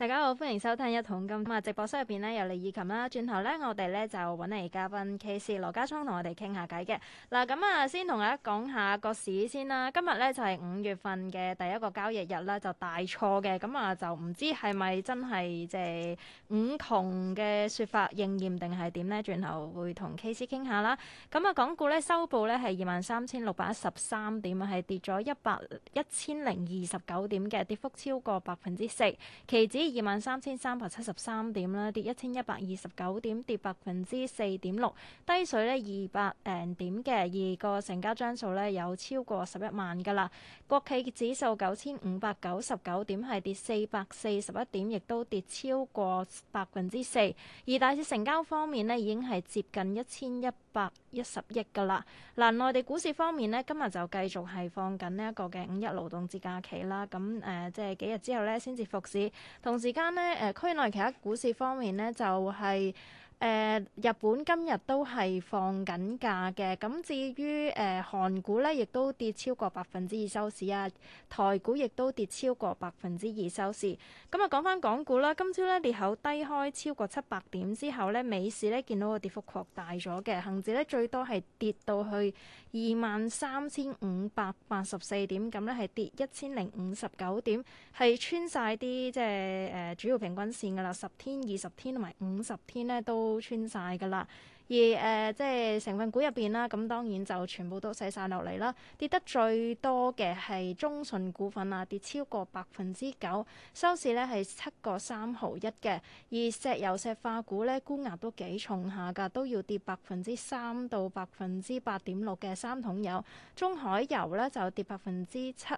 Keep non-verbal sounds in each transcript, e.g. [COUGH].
大家好，歡迎收聽《一桶金》啊！直播室入邊呢，有李以琴啦，轉頭呢，我哋呢就揾嚟嘉賓 K 師羅家聰同我哋傾下偈嘅。嗱咁啊，先同大家講下個市先啦。今日呢，就係、是、五月份嘅第一個交易日啦，就大錯嘅。咁、嗯、啊就唔知係咪真係即係五窮嘅說法應驗定係點呢？轉頭會同 K 師傾下啦。咁啊，港股呢收報呢係二萬三千六百一十三點啊，係跌咗一百一千零二十九點嘅，跌幅超過百分之四。期指二萬三千三百七十三點啦，跌一千一百二十九點，跌百分之四點六，低水咧二百零點嘅，而個成交張數咧有超過十一萬噶啦。國企指數九千五百九十九點，係跌四百四十一點，亦都跌超過百分之四。而大市成交方面咧，已經係接近一千一百一十億噶啦，嗱，內、啊、地股市方面咧，今日就繼續係放緊呢一個嘅五一勞動節假期啦，咁誒、呃，即係幾日之後咧先至復市。同時間咧，誒區內其他股市方面咧就係、是。誒日本今日都係放緊假嘅，咁至於誒、呃、韓股咧，亦都跌超過百分之二收市啊，台股亦都跌超過百分之二收市。咁啊，講翻港股啦，今朝咧裂口低開超過七百點之後咧，美市咧見到個跌幅擴大咗嘅，恒指咧最多係跌到去二萬三千五百八十四點，咁咧係跌一千零五十九點，係穿晒啲即係誒主要平均線㗎啦，十天、二十天同埋五十天咧都，都穿晒噶啦，而誒、呃、即係成分股入邊啦，咁當然就全部都洗晒落嚟啦。跌得最多嘅係中信股份啊，跌超過百分之九，收市咧係七個三毫一嘅。而石油石化股咧，沽額都幾重下噶，都要跌百分之三到百分之八點六嘅。三桶油、中海油咧就跌百分之七。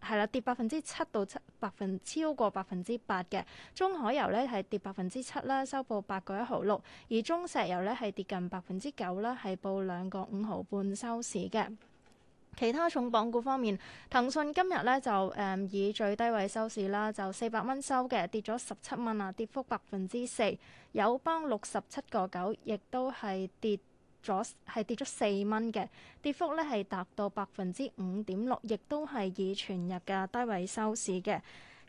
係啦，跌百分之七到七百分，超過百分之八嘅中海油咧，係跌百分之七啦，收報八個一毫六；而中石油咧，係跌近百分之九啦，係報兩個五毫半收市嘅。其他重磅股方面，騰訊今日咧就誒以最低位收市啦，就四百蚊收嘅，跌咗十七蚊啊，跌幅百分之四。友邦六十七個九，亦都係跌。咗係跌咗四蚊嘅，跌幅咧係達到百分之五點六，亦都係以全日嘅低位收市嘅。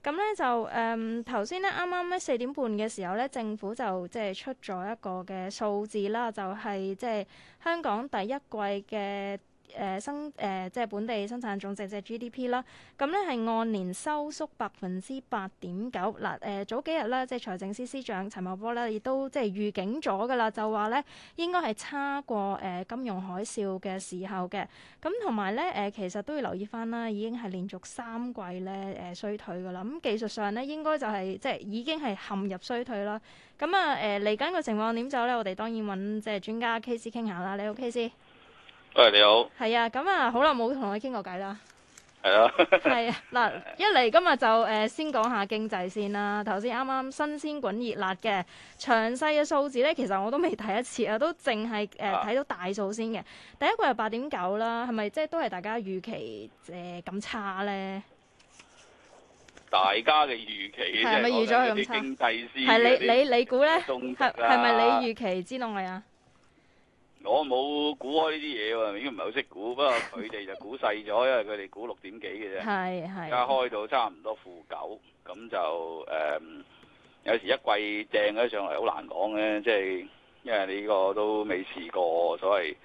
咁咧就誒頭先咧啱啱咧四點半嘅時候咧，政府就即係、就係、出咗一個嘅數字啦，就係即係香港第一季嘅。誒、呃、生誒、呃，即係本地生產總值嘅 GDP 啦。咁咧係按年收縮百分之八點九嗱。誒早、呃、幾日咧，即係財政司司長陳茂波咧，亦都即係預警咗㗎啦，就話咧應該係差過誒、呃、金融海嘯嘅時候嘅。咁同埋咧誒，其實都要留意翻啦，已經係連續三季咧誒、呃、衰退㗎啦。咁技術上咧，應該就係、是、即係已經係陷入衰退啦。咁啊誒嚟緊個情況點走咧？我哋當然揾即係專家 Case 傾下啦。你好，Case。喂，hey，你好。係啊，咁啊，好耐冇同你傾過偈啦。係啊， [LAUGHS] 係啊，嗱，一嚟今日就誒、呃，先講下經濟先啦。頭先啱啱新鮮滾熱辣嘅詳細嘅數字咧，其實我都未睇一次啊，都淨係誒睇到大數先嘅。第一個係八點九啦，係咪即係都係大家預期誒咁、呃、差咧？大家嘅預期係咪預咗佢咁差？係 [LAUGHS] 你你你估咧？係係咪你預期之內啊？ 我冇估開呢啲嘢喎，應該唔係好識估。不過佢哋就估細咗， [LAUGHS] 因為佢哋估六點幾嘅啫。係係。而家開到差唔多負九，咁就誒、嗯、有時一季掟咗上嚟，好難講嘅。即係因為你呢個都未試過所謂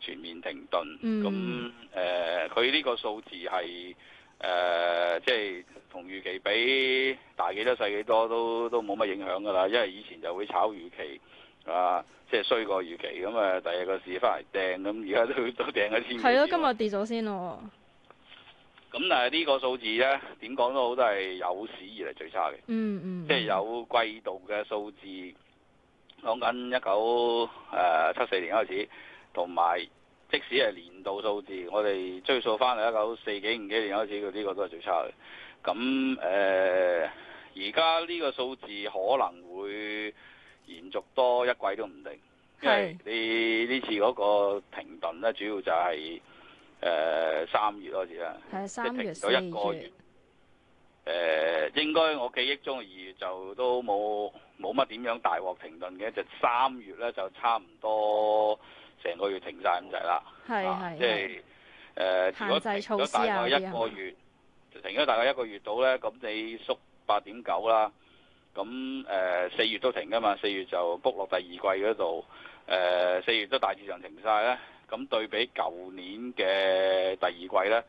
全面停頓。嗯。咁誒，佢、呃、呢個數字係誒，即、呃、係、即係、同預期比大幾多細幾多都都冇乜影響㗎啦。因為以前就會炒預期。啊，即係衰過預期咁啊！第二個市翻嚟掟咁，而家都都掟咗先。係咯，今日跌咗先咯。咁、嗯嗯嗯、但係呢個數字咧，點講都好都係有史以嚟最差嘅、嗯。嗯嗯。即係有季度嘅數字，講緊一九誒七四年開始，同埋即使係年度數字，我哋追溯翻嚟一九四幾五幾，幾，幾年開始，佢、這、呢個都係最差嘅。咁誒，而家呢個數字可能。延續多一季都唔定，因為你呢次嗰個停頓咧，主要就係誒三月開始啦，即係停咗一個月。誒四月、呃，應該我記憶中二月就都冇冇乜點樣大鑊停頓嘅，就三、是、月咧就差唔多成個月停晒咁就係啦。係即係誒，如果停咗大概一個月，停咗大概一個月到咧，咁你縮八點九啦。咁誒四月都停㗎嘛，四月就卜落第二季嗰度。誒、呃、四月都大致上停晒啦。咁對比舊年嘅第二季咧，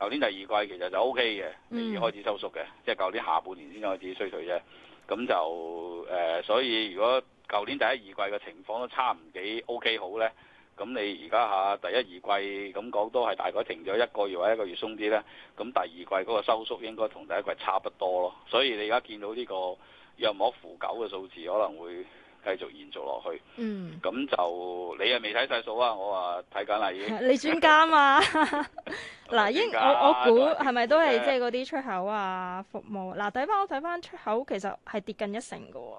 舊年第二季其實就 OK 嘅，未開始收縮嘅，嗯、即係舊年下半年先開始衰退啫。咁就誒、呃，所以如果舊年第一二季嘅情況都差唔幾 OK 好咧。咁你而家吓第一二季咁講都係大概停咗一個月或者一個月鬆啲咧，咁第二季嗰個收縮應該同第一季差不多咯。所以你而家見到呢個約莫負九嘅數字，可能會繼續延續落去。嗯，咁就你又未睇曬數啊？我話睇緊啦，已經你專家嘛？嗱，應我我估係咪都係即係嗰啲出口啊、服務嗱？睇、啊、翻我睇翻出口其實係跌近一成嘅喎。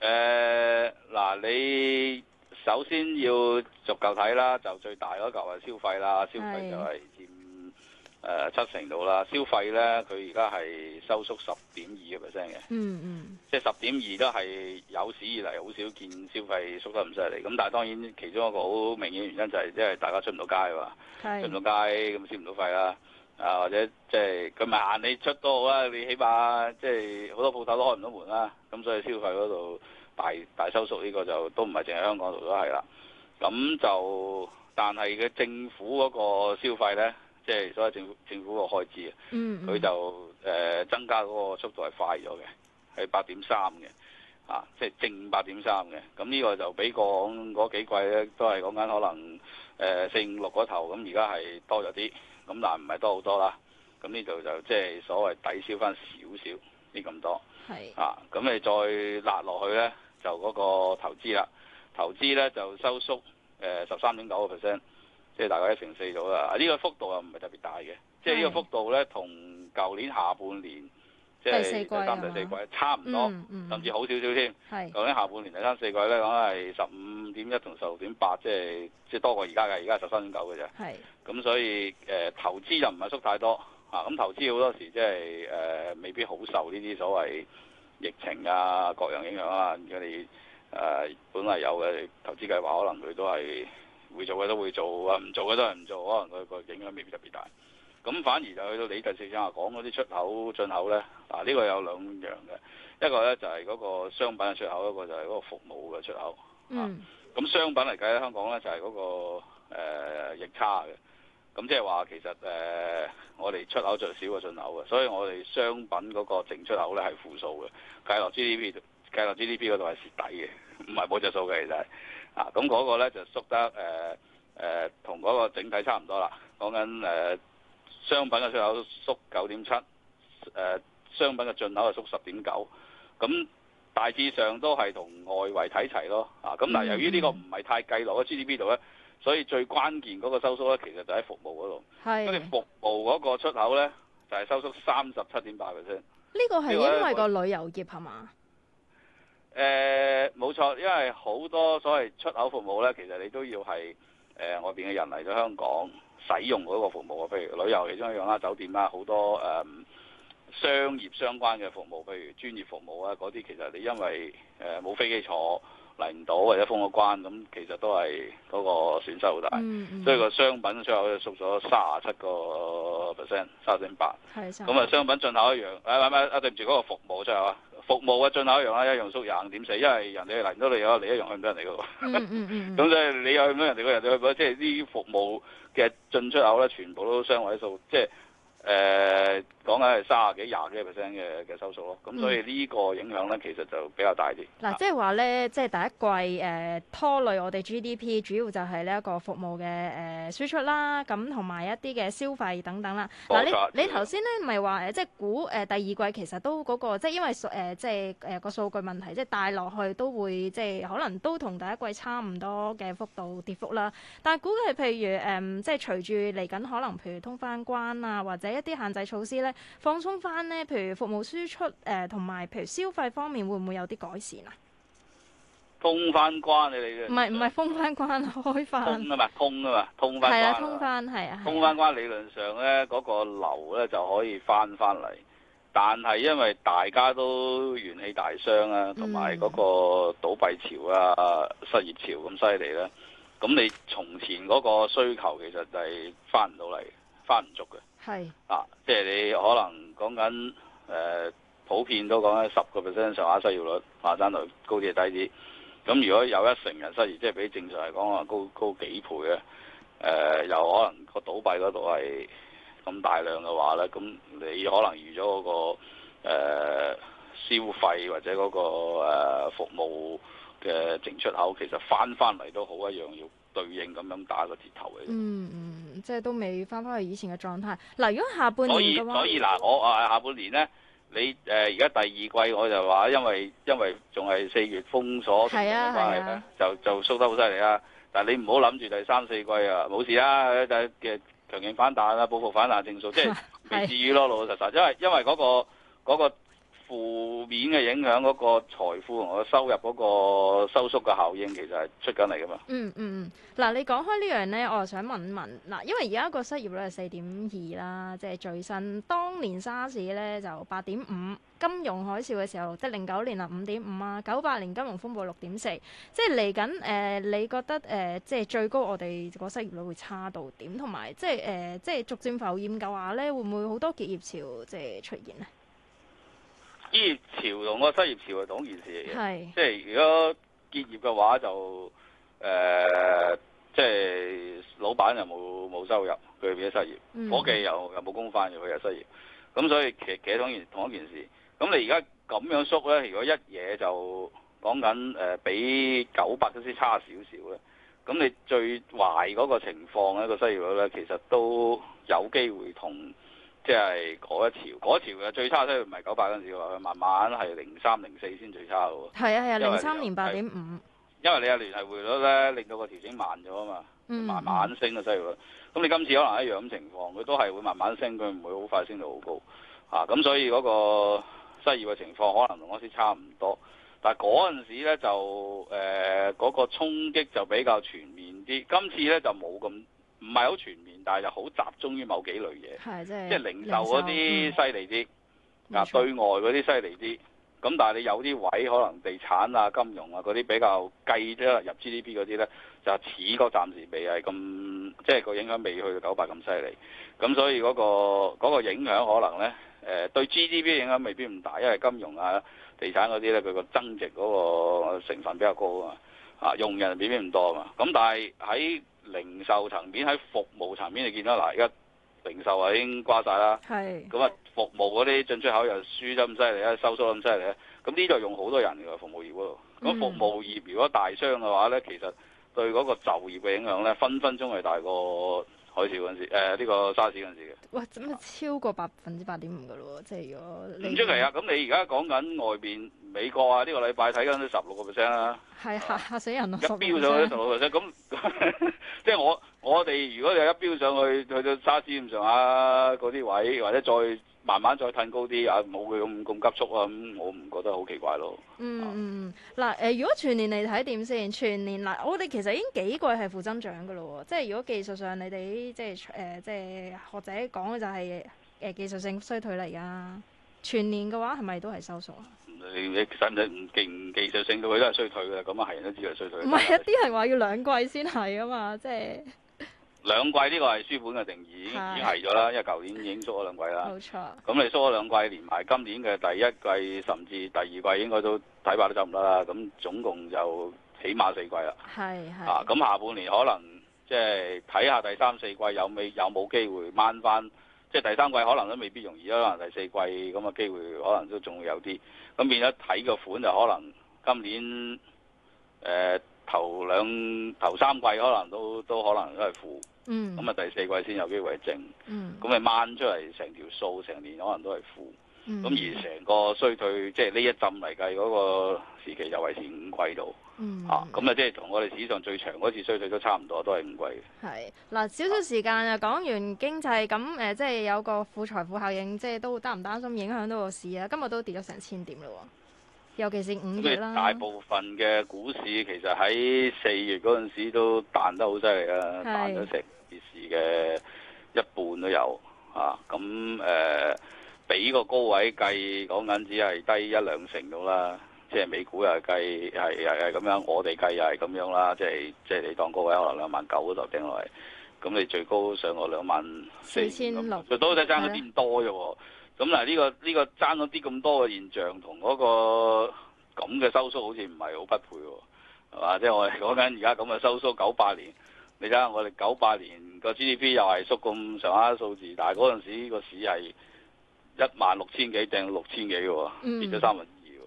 嗱、嗯啊、你。首先要逐嚿睇啦，就最大嗰嚿係消費啦，消費就係佔誒七成度啦。是消費咧，佢而家係收縮十點二嘅 percent 嘅，嗯嗯，mm hmm. 即係十點二都係有史以嚟好少見消費縮得咁犀利。咁但係當然，其中一個好明顯原因就係因為大家出唔到街嘛，是出唔到街咁消唔到費啦。啊，或者即係佢咪限你出都好啦，你起碼即係好多鋪頭都開唔到門啦，咁所以消費嗰度。大大收縮呢個就都唔係淨係香港度都係啦，咁就但係嘅政府嗰個消費呢，即係所謂政府政府個開支啊，佢、mm hmm. 就誒增加嗰個速度係快咗嘅，係八點三嘅，啊，即係正八點三嘅，咁呢個就比過嗰幾季呢，都係講緊可能誒四五六嗰頭，咁而家係多咗啲，咁但係唔係多好多啦，咁呢度就即係所謂抵消翻少少啲咁多，係啊，咁你再落落去呢。就嗰個投資啦，投資咧就收縮，誒十三點九個 percent，即係大概一成四咗啦。呢、這個幅度啊唔係特別大嘅，是即係呢個幅度咧同舊年下半年即係三十四季，季、嗯、差唔多，嗯、甚至好少少添。舊是年下半年第三四季咧講係十五點一同十六點八，即係即係多過而家嘅，而家十三點九嘅啫。咁所以誒、呃、投資又唔係縮太多嚇，咁、啊、投資好多時即係誒未必好受呢啲所謂。疫情啊，各樣影響啊，如果你誒本嚟有嘅投資計劃，可能佢都係會做嘅，都會做啊，唔做嘅都係唔做，可能佢個影響未必特別大。咁反而就去到你第四張啊，講嗰啲出口進口咧，啊呢個有兩樣嘅，一個咧就係、係、嗰個商品嘅出口，一個就係嗰個服務嘅出口。啊、嗯。咁商品嚟計咧，香港咧就係、係、嗰、嗰個逆、呃、差嘅。咁即係話其實誒、呃，我哋出口最少過進口嘅，所以我哋商品嗰個淨出口咧係負數嘅，計落 GDP，計落 GDP 嗰度係蝕底嘅，唔係冇着數嘅，其實係啊，咁嗰個咧就縮得誒誒，同、呃、嗰、呃、個整體差唔多啦。講緊誒商品嘅出口縮九點七，誒商品嘅進口係縮十點九，咁大致上都係同外圍睇齊咯啊。咁但由於呢個唔係太計落喺 GDP 度咧。所以最關鍵嗰個收縮咧，其實就喺服務嗰度。係是，咁你服務嗰個出口咧，就係、是、收縮三十七點八 percent。呢個係因為個旅遊業係嘛？誒為，冇、呃、錯，因為好多所謂出口服務咧，其實你都要係誒、呃、外邊嘅人嚟咗、就是、香港使用嗰個服務啊，譬如旅遊其中一樣啦、酒店啦，好多誒、嗯、商業相關嘅服務，譬如專業服務啊嗰啲，其實你因為誒冇、呃、飛機坐。嚟唔到或者封個關咁，其實都係嗰個損失好大。嗯嗯、所以個商品出口就縮咗三十七個 percent，三十點八。咁啊，的商品進口一樣，唔係唔係，對唔住嗰個服務出口呀，服務嘅進口一樣啦，一樣縮廿五點四，因為人哋嚟唔到你，有你一樣去唔到人哋嘅喎。咁所以你去唔到人哋嘅人哋去，即係啲服務嘅進出口咧，全部都雙位數，即係。誒、呃、講緊係三十幾廿幾 percent 嘅嘅收數咯，咁所以呢個影響咧其實就比較大啲。嗱、嗯啊，即係話咧，即係第一季誒、呃、拖累我哋 GDP，主要就係呢一個服務嘅誒、呃、輸出啦，咁同埋一啲嘅消費等等啦。嗱、哦啊，你你頭先咧唔係話誒，即係估誒、呃、第二季其實都嗰、那個，即係因為數即係誒個數據問題，即係帶落去都會即係可能都同第一季差唔多嘅幅度跌幅啦。但係估計譬，譬如誒、呃嗯，即係隨住嚟緊可能譬如通返關啊，或者一啲限制措施咧，放鬆翻咧，譬如服務輸出誒，同埋譬如消費方面，會唔會有啲改善啊？通翻關你哋嘅，唔係唔係，封翻關開翻。通啊嘛，通啊嘛，通翻。係啊，通翻係啊。啊通翻關理論上咧，嗰個流咧就可以翻翻嚟，但係因為大家都元氣大傷啊，同埋嗰個倒閉潮啊、失業潮咁犀利咧，咁你從前嗰個需求其實就係翻唔到嚟。翻唔足嘅，係是啊，即係你可能講緊誒、呃，普遍都講緊十個 percent 上下失業率，下單率高啲低啲。咁如果有一成人失業，即係比正常嚟講話高高，高幾倍啊，誒、呃、又可能個倒閉嗰度係咁大量嘅話咧，咁你可能預咗嗰、那個、呃、消費或者嗰、那個、呃、服務嘅淨出口，其實翻翻嚟都好一樣，要對應咁樣打個折頭嘅。嗯嗯。即係都未翻返去以前嘅狀態。嗱，如果下半年嘅話，所以嗱，我啊下半年咧，你誒而家第二季我就話，因為因為仲係四月封鎖嘅關係就就縮得好犀利啊！啊但係你唔好諗住第三四季啊，冇事啊，就嘅強勁反彈啊，報復反彈正數，即係未至於咯，老 [LAUGHS] 是老實實，因為因為嗰個嗰個。嗰個負面嘅影響嗰個財富同收入嗰個收縮嘅效應，其實係出緊嚟噶嘛？嗯嗯嗯，嗱，你講開呢樣呢，我就想問問嗱，因為而家個失業率係四點二啦，即係最新。當年沙士呢，就八點五，金融海嘯嘅時候即係零九年啊，五點五啊，九八年金融風暴六點四，即係嚟緊誒，你覺得誒、呃、即係最高我哋個失業率會差到點？同埋即係誒，即係、呃、逐漸浮現嘅話呢，會唔會好多結業潮即係出現呢？業潮同個失業潮係同一件事嚟嘅。是、呃，即係如果結業嘅話就誒，即係老闆又冇冇收入，佢變咗失業；伙計又又冇工返，佢又失業。咁所以其其實同同一件事。咁你而家咁樣縮咧，如果一嘢就講緊誒、呃，比九百都先差少少咧。咁你最壞嗰個情況咧，個失業率咧，其實都有機會同。即係嗰一潮，嗰一潮嘅最差失業唔係九八嗰陣時，佢慢慢係零三、零四先最差嘅喎。啊係啊，零三年八點五。因為你聯繫匯率咧，令到個調整慢咗啊嘛，慢慢升嘅失業。咁、mm hmm. 你今次可能一樣咁情況，佢都係會慢慢升，佢唔會好快升到好高嚇。咁、啊、所以嗰個失業嘅情況可能同嗰時差唔多，但係嗰陣時咧就誒嗰、呃嗰個衝擊就比較全面啲，今次咧就冇咁。唔係好全面，但係就好集中於某幾類嘢，即係的零售嗰啲犀利啲，嗱錯對外嗰啲犀利啲，咁但係你有啲位可能地產啊、金融啊嗰啲比較計啫，入 GDP 嗰啲咧，就似個暫時未係咁，即係個影響未去到九百咁犀利，咁所以嗰、嗰個嗰個影響可能咧，誒、呃、對 GDP 影響未必唔大，因為金融啊、地產嗰啲咧佢個增值嗰個成分比較高啊，啊用人未必唔多啊，嘛。咁但係喺零售層面，喺服務層面你見到啦，嗱而家零售已經瓜晒啦，咁啊是服務嗰啲進出口又輸得咁犀利啊，收縮咁犀利啊，咁呢度用好多人嚟㗎，服務業嗰度，咁服務業如果大傷嘅話咧，其實對嗰個就業嘅影響咧，分分鐘係大過。海市嗰陣時，呢個沙士嗰陣時嘅。哇！咁啊超過百分之八點五嘅咯喎，即係如果拎出嚟啊！咁、嗯、你而家講緊外邊美國啊，呢個禮拜睇緊都十六個 percent 啦。係嚇嚇死人咯！一飆上去十六 percent，咁即係我我哋如果你一飆上去去到沙士咁上下嗰啲位，或者再。慢慢再褪高啲啊，冇佢咁咁急速啊，咁我唔覺得好奇怪咯。嗯嗯嗱誒，如果全年嚟睇點先？全年嗱，我哋其實已經幾季係負增長嘅咯。即係如果技術上你哋即係誒即係學者講嘅就係誒技術性衰退嚟噶。全年嘅話係咪都係收縮啊？你你使唔使唔記技術性都係都係衰退嘅？咁啊係人都知係衰退。唔係一啲係話要兩季先係啊嘛，即係。兩季呢個係書本嘅定義，已經係咗啦。的因為舊年已經縮咗兩季啦。冇錯錯。咁你縮咗兩季連埋，今年嘅第一季甚至第二季，應該都睇法怕都走唔得啦。咁總共就起碼四季啦。係係的。咁、啊、下半年可能即係睇下第三四季有未有冇機會掹返？即、就、係、是、第三季可能都未必容易，可能第四季咁嘅機會可能都仲有啲。咁變咗睇個款就可能今年誒。呃.頭兩頭三季可能都都可能都係負，咁啊、嗯、第四季先有機會係正，咁咪掹出嚟成條數成年可能都係負，咁、嗯、而成個衰退即係呢一浸嚟計嗰個時期就係前五季度，嗯、啊咁啊即係同我哋史上最長嗰次衰退都差唔多，都係五季嘅。係嗱，少少時間啊，講完經濟咁誒、呃，即係有個負財富效應，即係都擔唔擔心影，影響到個市啊？今日都跌咗成千點嘞喎！尤其是五月啦，大部分嘅股市其實喺四月嗰陣時都彈得好犀利啊，是彈咗成跌市嘅一半都有嚇，咁、啊、誒、呃、比個高位計，講緊只係低一兩成度啦。即係美股又計係係係咁樣，我哋計又係咁樣啦。即係即係你當高位可能兩萬九嗰度掟落嚟，咁你最高上過兩萬四千六，最多都爭咗邊多嘅咁嗱，呢個呢個爭咗啲咁多嘅現象，同嗰個咁嘅收縮好似唔係好匹配喎，係嘛？即係我哋講緊而家咁嘅收縮，九八年你睇下我哋九八年個 GDP 又係縮咁上下數字，但係嗰陣時個市係一萬六千幾定六千幾嘅喎，跌咗三分二喎。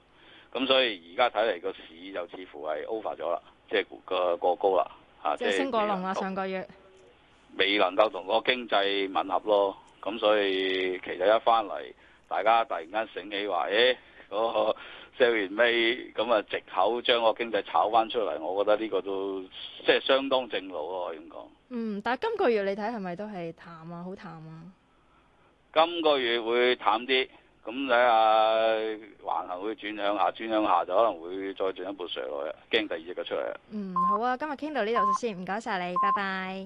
咁、嗯、所以而家睇嚟個市就似乎係 over 咗啦，即係個過高啦，嚇即係升過龍啦，上個月未能夠同個經濟吻合咯。咁所以其實一翻嚟，大家突然間醒起話，誒嗰個 sell 完尾，咁啊藉口將個經濟炒翻出嚟，我覺得呢個都即係相當正路咯，可以咁講。嗯，但係今個月你睇係咪都係淡啊，好淡啊？今個月會淡啲，咁睇下橫行會轉向下，轉向下就可能會再進一步上落，驚第二隻腳出嚟啊！嗯，好啊，今日傾到呢度先，唔該晒你，拜拜。